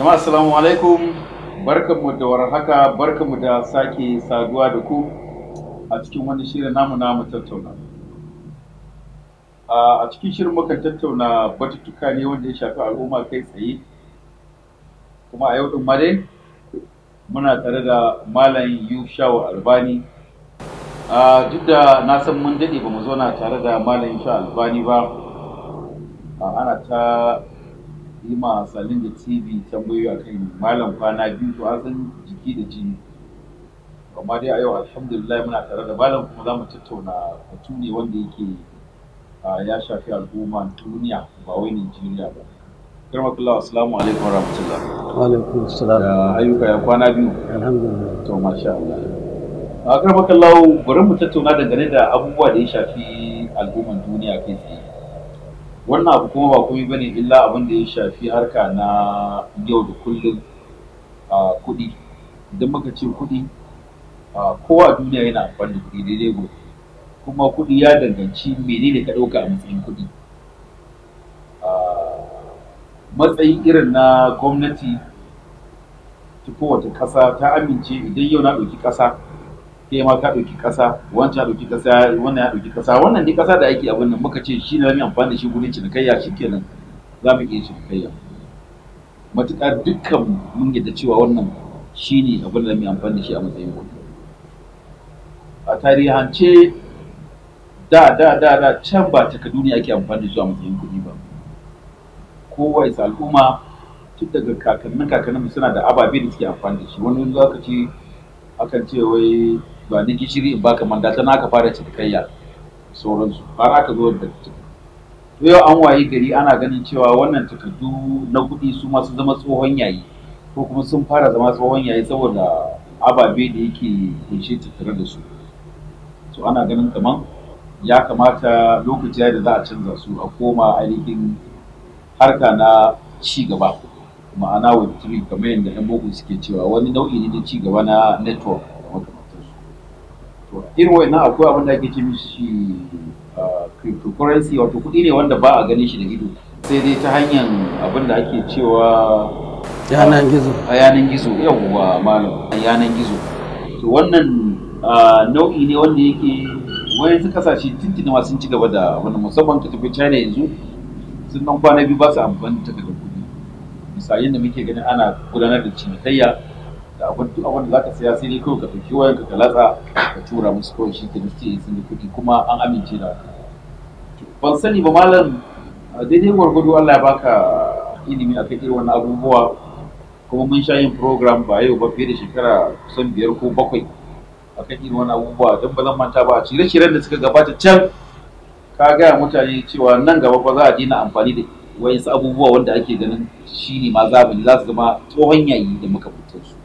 jama'a assalamu alaikum barkanmu da warhaka barkanmu da sake saduwa da ku a cikin wani shirin namu namu tattauna a cikin shirin muka tattauna batutuka ne wanda ya shafi al'umma kai tsaye kuma a yau din ma dai muna tare da malam yushawa albani duk da na san mun daɗe ba mu na tare da malam yushawa albani ba ana ta yi salin da tv tambayoyi a kan malam kwana biyu to an san jiki da jini amma dai a yau alhamdulillah muna tare da malam kuma za mu tattauna batu ne wanda yake ya shafi al'umma duniya ba wai Nijeriya ba. Karmakullah assalamu alaikum wa rahmatullah. Wa alaikum assalam. Da ayyuka ya kwana biyu. Alhamdulillah. To masha Allah. A karmakullah bari mu tattauna dangane da abubuwa da ya shafi al'umman duniya kai tsaye. wannan abu kuma ba komai bane illa abin da ya shafi harka na yau da kullum a kuɗi idan muka ce kuɗi a kowa duniya yana amfani da kuɗi daidai gobe kuma kuɗi ya danganci menene ka ɗauka a matsayin kuɗi matsayi irin na gwamnati ta kowace ƙasa ta amince idan yau na ɗauki ƙasa kai ma ka ɗauki ƙasa wancan ɗauki ƙasa wannan ya ɗauki ƙasa wannan dai ƙasa da ake abin nan muka ce shi ne zamu amfani da shi gurin cinikayya shi kenan za mu iya cinikayya matuƙa dukkan mun yadda cewa wannan shi ne abin da mu amfani da shi a matsayin wani a tarihance da da da da can ba takardu ne ake amfani da su a matsayin kuɗi ba kowa isa al'umma tun daga kakannin kakannin suna da ababe da suke amfani da shi wani za lokaci akan ce wai ga ni gishiri in baka manda ta ka fara cinikayya sauransu na ka zo da to yau an wayi gari ana ganin cewa wannan takardu na kuɗi su masu zama tsohon yayi ko kuma sun fara zama tsohon yayi saboda ababe da yake kunshe tattare da su to ana ganin kaman ya kamata lokaci da za a canza su a koma ainihin harka na ci gaba ma'ana web kamar yadda yan boko suke cewa wani nau'i ne na ci gaba na network irin wannan akwai abin da ake ce mishi cryptocurrency wato kuɗi ne wanda ba a ganin shi da ido sai dai ta hanyar abin da ake cewa yanan gizo a yanan gizo yawwa malam A yanan gizo to wannan nau'i ne wanda yake su kasashe tuntuni ma sun ci gaba da wani musamman ka tafi china yanzu sun nan kwana biyu ba su amfani da kuɗi misalin da muke ganin ana gudanar da cinikayya da abin duk abin da zaka saya sai dai kawai ka ɗauki wayan ka latsa ka tura musu kawai shi kenan sai sun yi kuɗi kuma an amince da ban sani ba malam daidai gwargwado Allah ya baka ilimi kan irin wannan abubuwa kuma mun sha yin program ba yau ba fiye da shekara kusan biyar ko bakwai kan irin wannan abubuwa don ba zan manta ba a cire-ciren da suka gabata can ka gaya mutane cewa nan gaba ba za a daina amfani da wayansu abubuwa wanda ake ganin shi ne ma zamani za su zama tsohon yayi da muka fitar su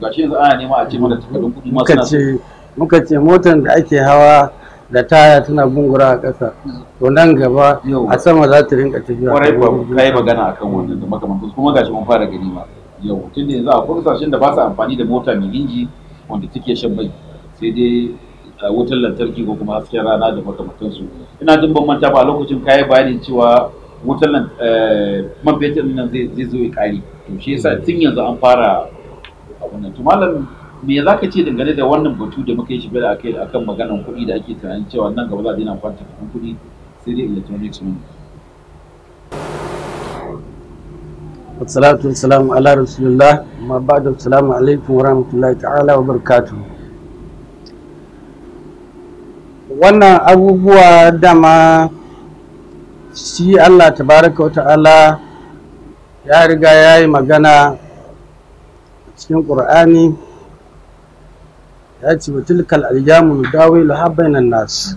gashi yanzu ana nema a ce mana takardun kuɗi ma suna muka ce motar da ake hawa da taya tana bungura a ƙasa to nan gaba a sama za ta rinka tafiya kwarai ba kai magana akan wannan da makamantan kuma gashi mun fara gani ma yau tun da yanzu akwai kasashen da ba su amfani da mota mai inji wanda take shan mai sai dai wutar lantarki ko kuma hasken rana da makamantansu ina jin ban manta ba lokacin kayi bayani cewa wutar eh, man fetur nan zai zo ya kare to shi yasa tun yanzu an fara abun nan to malam me za ka ce dangane da wannan batu da muka yi shi bala akai akan maganan kuɗi da ake tunanin cewa nan gaba za a daina amfani da kuɗi sai dai electronics mun Assalamu alaikum ala rasulillah amma ba da assalamu alaikum wa rahmatullahi ta'ala wa barakatuh wannan abubuwa dama shi Allah tabaraka wa ta'ala ya riga ya yi magana cikin ƙur'ani ya ce tilkal aljamu dawi lahabbainan nas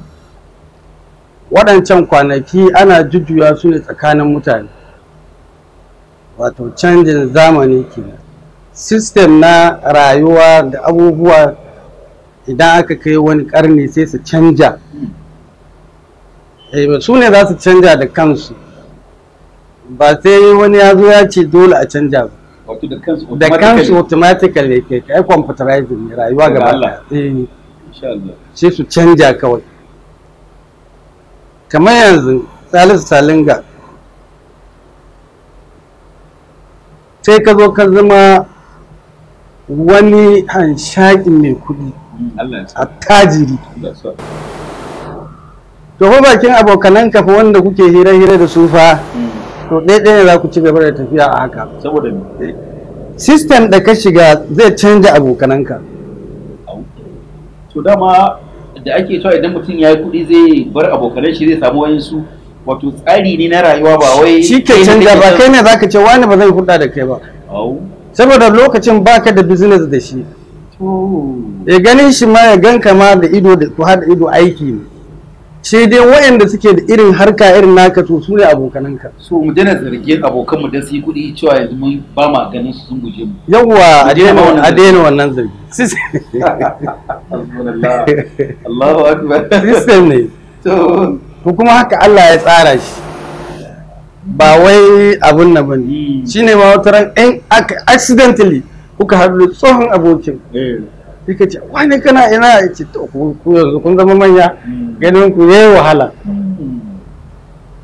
waɗancan kwanaki ana jujjuya su ne tsakanin mutane wato canjin zamani ke. sistem na rayuwa da abubuwa idan aka kai wani ƙarni sai su canja eh, su ne za su canja da kansu ba sai wani ya zo ya ce dole a canja ba da kansu automatically ke kai computerizing ne rayuwa gaba eh. sai su canja kawai kamar yanzu salisu salinga sai ka zo ka zama wani hanshakin mai kuɗi mm, a tajiri to bakin abokananka fa wanda kuke hira-hira da sufa fa mm. to ɗaya ne za ku ci gaba da tafiya a haka saboda eh, system da ka shiga zai canja abokananka to dama da ake cewa idan mutum ya yi kuɗi zai bar abokanan shi zai samu wayansu wato tsari ne na rayuwa ba wai shi ke canja ba kai ne zaka ce wani ba zai hulɗa da kai ba saboda lokacin baka da business da shi ya eh, ganin shi ma ya ganka ma da ido da ku haɗa ido aiki ne sai dai waɗanda suke da irin harka irin naka to su ne abokananka so mu dana zargin abokanmu da su yi kuɗi cewa yanzu mun ba ma ganin su sun guje mu yawwa a daina wannan zargi Allahu akbar system ne to kuma haka Allah ya tsara shi ba wai abun na bane hmm. shine ma wataran accidentally kuka haɗu da tsohon abokin eh. suka ce wani kana ina ya ce ku yanzu kun zama manya ganin ku yi wahala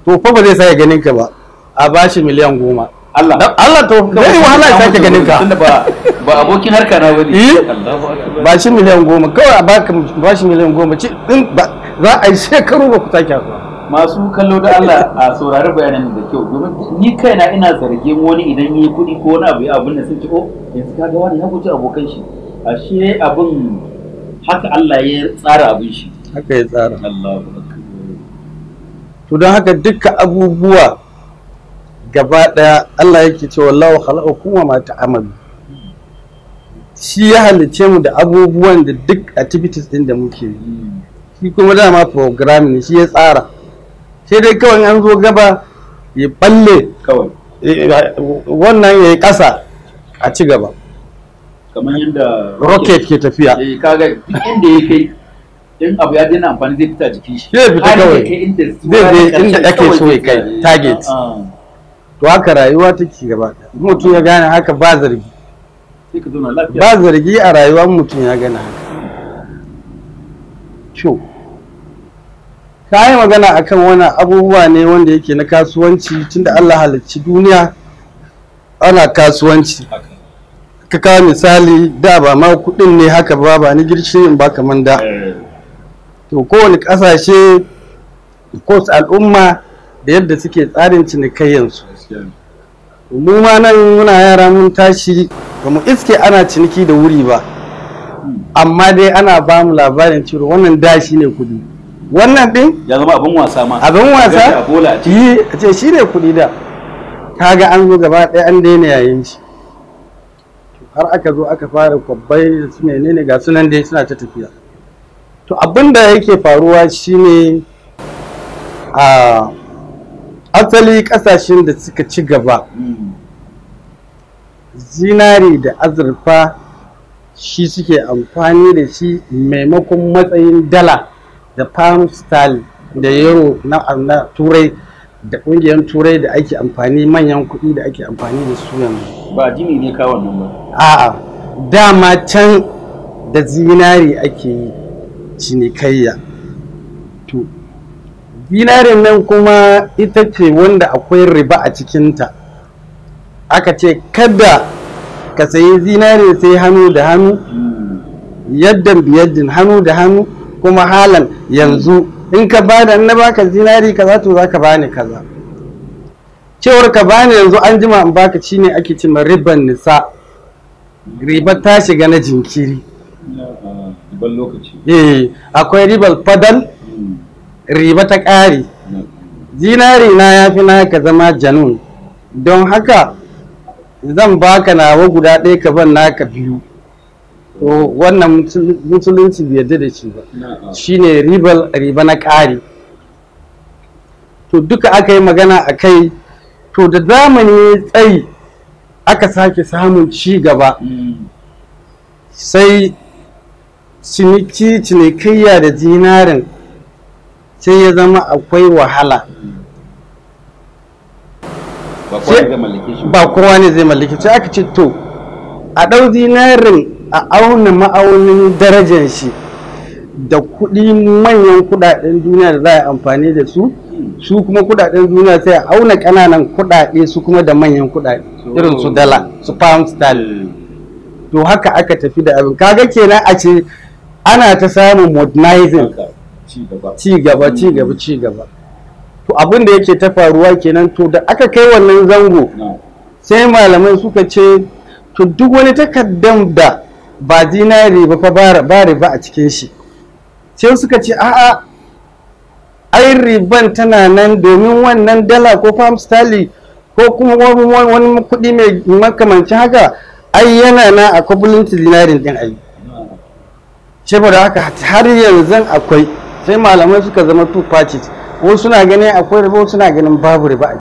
to fa ba zai sake ganin ka ba a bashi miliyan goma Allah Allah to yi wahala ya sake ganin ka ba abokin harka na wani eh? ba shi miliyan goma kawai a baka ba shi miliyan goma ci din ba za a yi shekaru ba ku sake haɗuwa masu kallo da Allah a saurari bayanan da kyau domin ni kaina ina zargin wani idan yi kuɗi ko wani abu ya abin da sun ci ko yanzu ga wani ya guji abokan shi a shi abin haka Allah ya tsara abin shi haka ya tsara to don haka duka abubuwa gaba daya Allah yake cewa lawa khalaqakum kuma ma ta'malu shi ya halice mu da abubuwan da duk activities din da muke yi shi kuma dama programming shi ya tsara sai dai kawai an zo gaba ya balle kawai eh, eh, wannan ya yi ƙasa a ci gaba kamar yadda rocket ke tafiya eh kaga duk inda ya kai in abu ya dena amfani zai fita jikin shi zai fita kawai zai je inda ake so ya kai target ah, ah. to haka rayuwa take gaba mutum ya gane haka ba zargi ba zargi a rayuwar mutum ya gane haka kyau ka yi magana akan wani abubuwa ne wanda yake na kasuwanci tunda Allah halicci duniya ana kasuwanci ka kawo misali da ba ma kuɗin ne haka ba ba ni girshi in ba kaman da to kowane ƙasashe ko al'umma da yadda suke tsarin cinikayyansu mu ma nan muna yara mun tashi ba mu iske ana ciniki da wuri ba amma dai ana ba mu labarin ciro wannan da shi ne kudi wannan din ya zama abin wasa ma abin wasa yi a ce shi ne kudi da kaga an zo gaba ɗaya an daina yayin shi har aka zo aka fara kwabbai su menene ga sunan dai suna ta tafiya to abin da yake faruwa shine a asali kasashen da suka ci gaba zinari da azurfa shi suke amfani da shi maimakon matsayin dala da pound sterling da yaro na turai da ƙungiyar turai da ake amfani manyan kuɗi da ake amfani da su yanzu ba jini ne kawo nan ba a'a dama can da zinari ake yi cinikayya to zinarin nan kuma ita ce wanda akwai riba a cikinta aka ce kada ka sayi zinari sai hannu da hannu hmm. yaddan biyaddin hannu da hannu kuma halan yanzu in ka bani an na baka zinari kaza to zaka bani kaza cewar ka bani yanzu an jima in baka ne ake cima ribar nisa ribar ta shiga na jinkiri eh akwai ribar fadal riba ta ƙari zinari na ya fi na ka zama janun don haka zan baka nawa guda ɗaya ka ban naka biyu wannan musulunci bai yarda da shi ba shine ribal riba na ƙari to duka aka yi magana a kai to da zamani tsayi aka sake samun ci gaba mm. sai ciniki cinikayya da zinarin sai ya zama akwai wahala ba kowa ne zai mallaki sai aka ce to a ɗau zinarin a auna ma'aunin darajar shi da kuɗi manyan kuɗaɗen duniya da za a amfani da su su kuma kuɗaɗen duniya sai a auna ƙananan kuɗaɗe su kuma da manyan kuɗaɗe irin su dala su pound to haka aka tafi da abin kaga kenan a ce ana ta samun modernizing ci gaba ci gaba ci gaba to abin da yake ta faruwa kenan to da aka kai wannan zango sai malamai suka ce to duk wani takardan da ba dinari ba fa ba riba a cikin shi sai suka ce a'a ai riban tana nan domin wannan dala ko farm stali ko kuma wani kuɗi mai makamancin haka ai yana na a kwabulinta dinarin din ai saboda haka har yanzu akwai sai malamai suka zama two parties wasu suna ganin akwai riba wasu suna ganin babu riba